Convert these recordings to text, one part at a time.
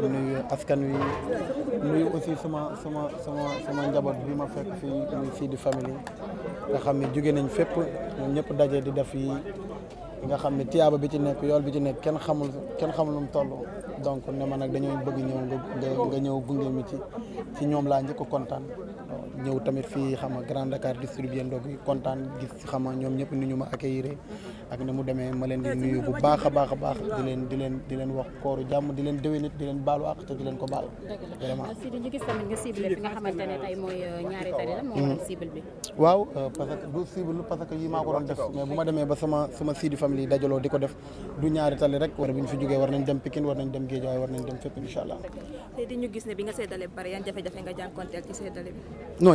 nuyu askan wi nuyu aussi sama sama sama sama njaboot bi ma fekk fii muy fii di famille nga xam ne jóge nañ fépp moom ñëpp daje di def yi nga xam ne tiyaaba bi ci nekk yool bi ci nekk kenn xamul kenn xamulum lu toll donc ne ma nag dañoo bëgg ñëw nga nga ñëw gunge mi ci ci ñoom laa njëkk kontaan ñëw tamit fii xam nga Grand Dakar distribué ndox yi kontaan gis xam ñoom ñëpp ni ñu ma accueillir ak ni mu demee ma leen di nuyu bu baax a baax a baax di leen di leen di leen wax kooru jàmm di leen déwénit di leen baalu àq te di leen ko baal. vraiment Sidi ñu gis tamit nga ciblé fi nga xamante ne tey mooy euh, mm. waaw euh, parce du cible parce que yi maa ko def mais bu ma demee ba sama sama Sidi famille dajaloo di ko def du ñaari tali rek war bu ñu fi jógee war nañ dem Pikine war nañ dem Guédiawaye war nañ dem fépp incha allah. tey ñu gis ne bi nga seedalee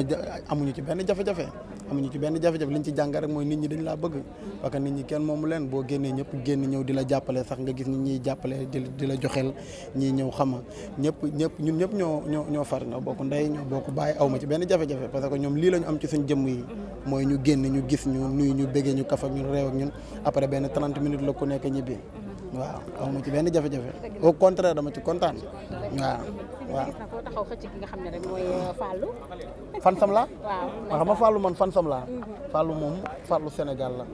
non amuñu ci benn jafe-jafe amuñu ci benn jafe-jafe liñ ci jàng rek mooy nit ñi dañu laa bëgg parce que nit ñi kenn moomu leen boo génnee ñëpp génn ñëw di la jàppale sax nga gis nit ñiy jàppale di di la joxeel ñii ñëw xama ñëpp ñëpp ñun ñëpp ñoo ñoo ñoo far ñoo bokk ndey ñoo bokk bàyyi aw ma ci benn jafe-jafe parce que ñoom lii la am ci suñ jëmm yi mooy ñu génn ñu gis ñu nuyu ñu bëggee ñu kaf ak ñun réew ñun après benn 30 minutes la ku nekk ñibbi waaw mu ma ci benn jafe-jafe au contraire dama ci kontaan waaw waaw nga xam ne rek mooy fan sam laa waaw xam nga Fallou man fan sam laa mhm. Fallou moom Fallou Sénégal la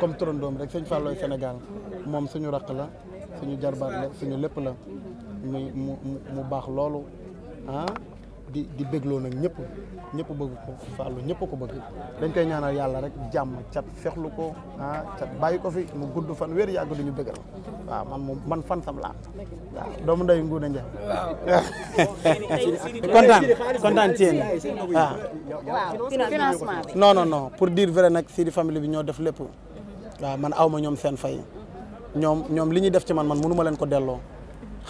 comme turandoom rek sëñ Fallou Sénégal moom suñu raq la suñu jarbaat la suñu lépp la mhm. muy mu mu baax loolu ah di dégloo nag ñëpp ñëpp bëgg ko Fallou ñëpp ko bëgg dañ koy ñaanal yàlla rek jàmm cat seexlu ko ah bàyyi ko fi mu gudd fan wér yàgg duñu bëggal waaw man moom man fan sam laa waaw doomu nday Nguuna Njaay kontaan ah. nag Sidi bi ñoo def lépp waaw man awma ñoom seen fay ñoom ñoom li ñuy def ci man man mënu leen ko delloo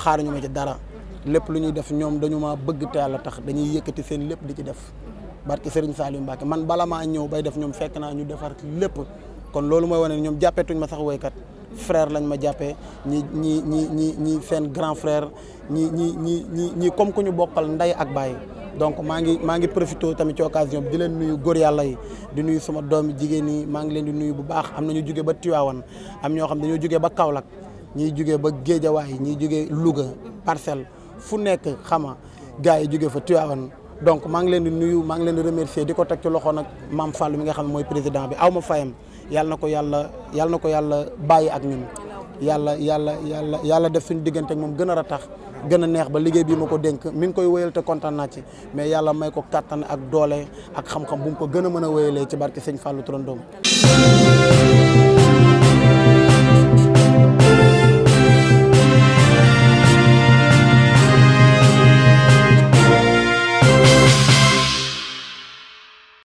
xaaruñu ma ci dara lépp lu ñuy def ñoom dañu ma bëgg te yàlla tax dañuy yëkkati seen lépp di ci def barki Serigne Saliou Mbacke man bala maa ñëw bay def ñoom fekk naa ñu defar lépp kon loolu mooy wane ne ñoom jàppeetuñ ma sax kat frère lañ ma jàppee ñi ñi ñi ñi ñi seen grand frère ñii ñi ñi ñi ñi comme ku ñu bokkal ndey ak baay donc maa ngi maa ngi profité tamit ci occasion bi di leen nuyu góor yàlla yi di nuyu sama doomi jigéen yi maa ngi leen di nuyu bu baax am na ñu jugee ba Tivaouane am ñoo xam dañoo jugee ba Kaolack ñiy jugee ba Guédiawaye ñiy jugee Louga Parcelles fu nekk xama gaa yi jóge fa Tivaouane donc maa ngi leen di nuyu maa ngi leen di remercier di ko teg ci loxo nag maam fàll mi nga xam ne mooy président bi aw ma fayam yàlla na ko yàlla yàlla ko yàlla bàyyi ak ñun yàlla yàlla yàlla yàlla def suñu diggante ak moom gën a ratax gën a neex ba liggéey bii ma ko dénk mi ngi koy wéyal te kontaan naa ci mais yàlla may ko kàttan ak doole ak xam-xam bu mu ko gën a mën a wéyalee ci barke Sëñ Fallou Turandoom